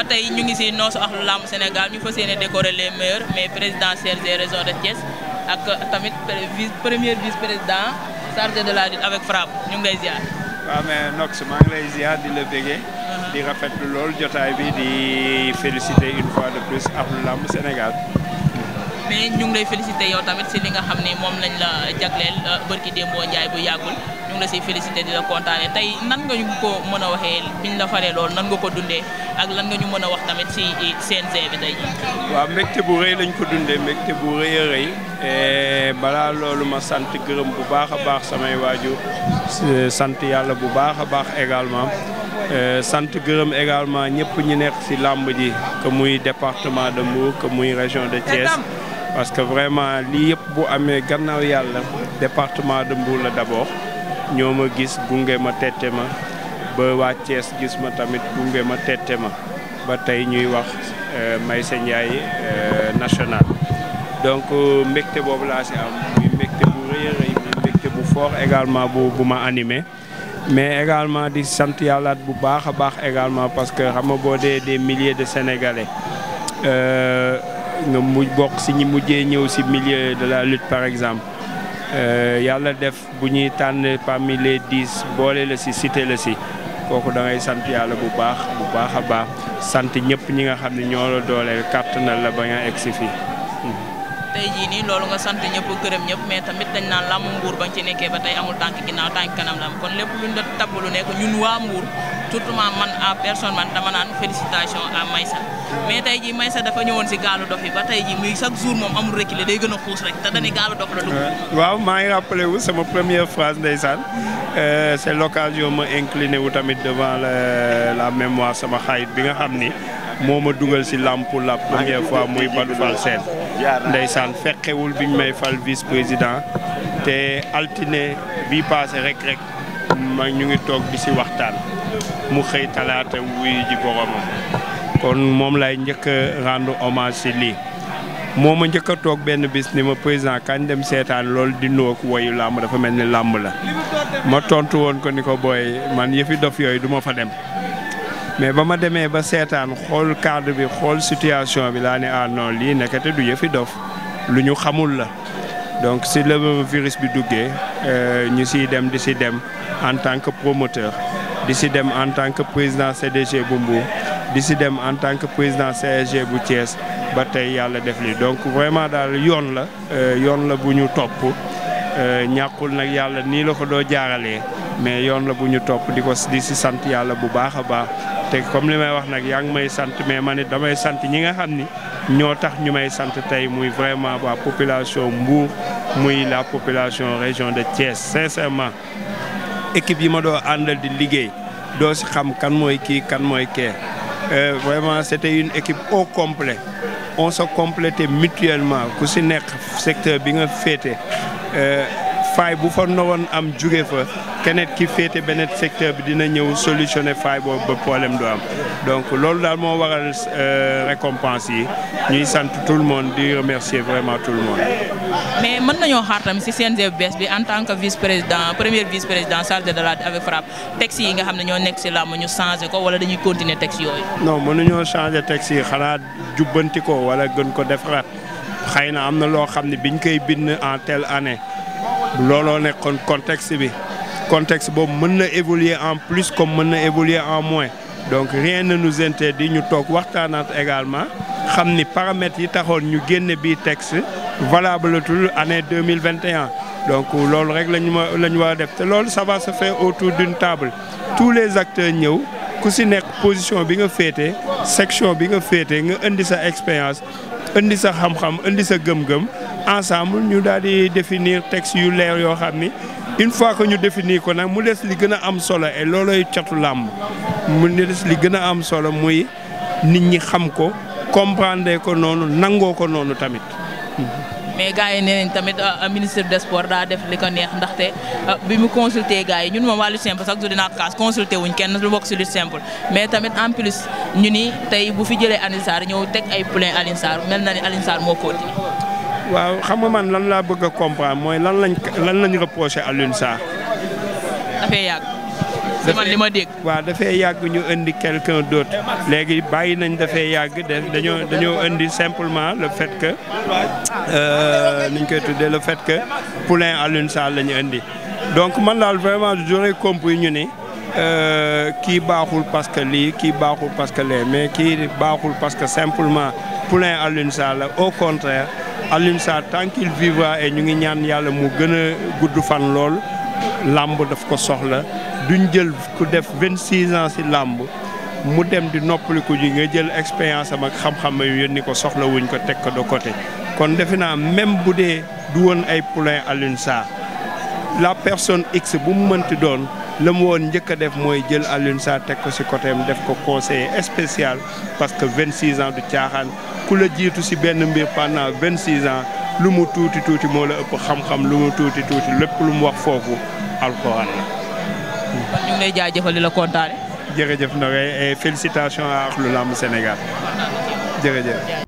ba tey ñu ngi si noosu lu làmb Sénégal ñu fas yéene décoré les meilleurs mais président CRG région de Thiès ak tamit vice premier vice président chargé de la lutte avec frappe ñu ngi lay ziar. waaw mais Nox maa ngi lay ziar di la bégee. Uh-huh. di rafetlu lool jotaay bi di féliciter une fois de plus axlu làmb Sénégal. mais ñu ngi lay féliciter yow tamit si li nga xam ni moom lañ la jagleel euh, bërki démboo Ndiaye bu yàggul. ñu ngi la siy félicité di la kontaane tey nan nga ko mën dundee ak lan nga ñu mën a wax waaw mbégte bu rëy lañ ko dundee mbégte bu rëy a rëy eh, balaa loolu ma sant gërëm bu baax a baax samay waajur sant yàlla bu baax a baax également eh, sant gërëm également ñëpp ñi nekk si làmb ji que muy département de Mbour que muy région de Thiès. parce que vraiment lii yëpp bu amee gannaaw yàlla département de Mbour la d'abord ñoo ma gis gunge ma tette ma ba waa Thiès gis ma tamit gunge ma tette ma ba tey ñuy wax euh, Maïssa Ndiaye euh, national donc euh, mbégte boobu laa si am muy mbégte bu rëy a bu fort également bu bu ma animé mais également di sant yàllaat bu baax a baax également parce que xam boo dee des millier de sénégalais nga mu bokk si ñi mujjee ñëw si millier de la lutte par exemple Euh, yàlla def bu ñuy tànn parmi les dix boole la si cité la si kooku da sant yàlla bu baax bu baax a baax sant ñëpp ñi nga xam ni ñoo la dooleel kàttanal la ba nga egsi fii tey jii nii loolu nga sant ñëpp gërëm ñëpp mais tamit dañ naan làmb mbuur bañ ci nekkee ba tey amul tànk ginnaaw tànk kanam la am kon lépp luñ lu nekk ñun waa mbuur surtout man à personne man dama naan félicitation à Maysa mais tey jii Maysa dafa ñëwoon si gaalu dof yi ba tey jii muy chaque jour moom amul reculé day gën xuus rek te dañuy gaalu dof la dugg euh, waaw maa ngi rappelé wu sama première phrase ndeysaan euh, c'est l'occasion ma incliné wu tamit devant la mémoire sama xarit bi nga xam ni moo ma dugal si làmb pour la première fois muy Badou Fall Sène ndeysaan may fal vice président te altine bi paase rek rek ma ñu ngi toog di si waxtaan mu xëy talaata wuyu kon moom lay njëkk a rendre hommage lii moo ma njëkk a toog benn bis ni ma président kañ dem seetaan loolu di nuwoog woyu làmb dafa mel ni làmb la ma tontu woon ko ni ko booy man yëfi dof yooyu duma fa dem mais ba ma demee ba seetaan xool cadre bi xool situation bi laa ne ah non lii nekkate du yëfi dof lu ñu xamul la donc si le virus bi duggee euh, ñu siy dem di si dem en tant que promoteur di si dem en tant que président CDG bu Mbour di si dem en tant que président CSG bu Thiès ba tey yàlla def li donc vraiment daal yoon la euh, yoon la bu ñu topp euh, ñàkkul nag yàlla nii la ko doo jaaralee mais yoon la bu ñu topp di ko di si sant yàlla bu baax a baax te comme li may wax nag yaa ngi may sant mais man it damay sant ñi nga xam ni ñoo tax ñu may sant tey muy vraiment waa population Mbour muy la population région de Thiès sincèrement équipe yi ma doo àndal di liggéey doo si xam kan mooy kii kan mooy kee euh, vraiment c'était une équipe au complet on sa complétait mutuellement ku si nekk secteur bi nga féete euh, faay bu fa nowoon am jóge fa keneen ki féete beneen secteur bi dina ñëw solutionner faay boobu ba problème du am donc loolu daal moo waral euh, récompense yi ñuy sant tout le monde di remercier vraiment tout le monde. mais mën nañoo xaar tamit ci CNG bu bees bi en tant que vice président premier vice président chargé de la avec FRAPP texte yi nga xam ne ñoo nekk ci làmb ñu changé ko wala dañuy continuer texte yooyu. mën mënuñoo changé texte yi xanaa jubbanti wala gën ko defaraat xëy na am na loo xam ne biñ koy bind en telle année. looloo nekkoon contexte bi contexte boobu mën na évoluer en plus comme mën na évoluer en moins donc rien nu nous interdit ñu toog waxtaanaat également xam ni paramètres yi taxoon ñu génne bii texte valable tul année 2021 donc loolu rek lañu ma la ñu war def te loolu ça va se faire autour d'une table tous les acteurs ñëw ku si nekk position bi nga féete section bi nga féete nga indi sa expérience indi sa xamxam indi sa gëm-gëm ensemble ñu daal di définir texte yu leer yoo xam ni une fois que ñu définir ko nag mu des li gën a am solo et looloy catu làmb mu des li gën a am solo muy nit ñi xam ko comprendre ko noonu nangoo ko noonu tamit. mais gars yi nee nañ tamit euh, euh, ministre des daa def li ko neex ndaxte euh, bi mu consulter gars yi ñun moom waa lutte simple sax du dinaa ko kaas consulter wuñ kenn lu bokk si lutte simple mais tamit en plus ñu ni tey bu fi jëlee Alioune Sarr ñëw teg ay poulain Alioune Sarr mel na ni Alioune Sarr moo ko waaw xam nga man lan laa bëgg a comprendre mooy lan lañ lan lañ reproché Alioune Sarr. dafay yàgg. si li ma dégg. waa dafay yàgg ñu indi quelqu'un d'autre léegi bàyyi nañ dafay yàgg dañoo dañoo indi simplement le fait que euh, ni ñu koy tuddee le fait que poulain Alioune Sall lañu ñu indi. donc man daal vraiment j'aurais compris ñu ne euh, kii baaxul parce que lii kii baaxul parce que lee mais kii baaxul parce que simplement poulain à Sall la au contraire Alioune Sall tant qu'il vivra ñu ngi ñaan yàlla mu gën a gudd fan lool. làmb daf ko soxla duñ jël ku def vingt six ans si làmb mu dem di noppaliku ji nga jël expérience am ak xam-xam ni ko soxla wuñ ko teg ko de côté kon defe naa même bu dee du woon ay poulain Alioune la personne x bu mu mënti doon la mu woon njëkk def mooy jël Alioune teg ko si côté def ko conseiller spécial parce que vingt six ans du caaxaan ku la jiitu si benn mbir pendant vingt six ans lu mu tuuti tuuti moo la ëpp xam-xam lu mu tuuti tuuti lépp lu mu wax foofu alxuraan la. kon ñu ngi lay jaajëfal di la kontaane. jërëjëf Ndoye et félicitations à Ahlou Sénégal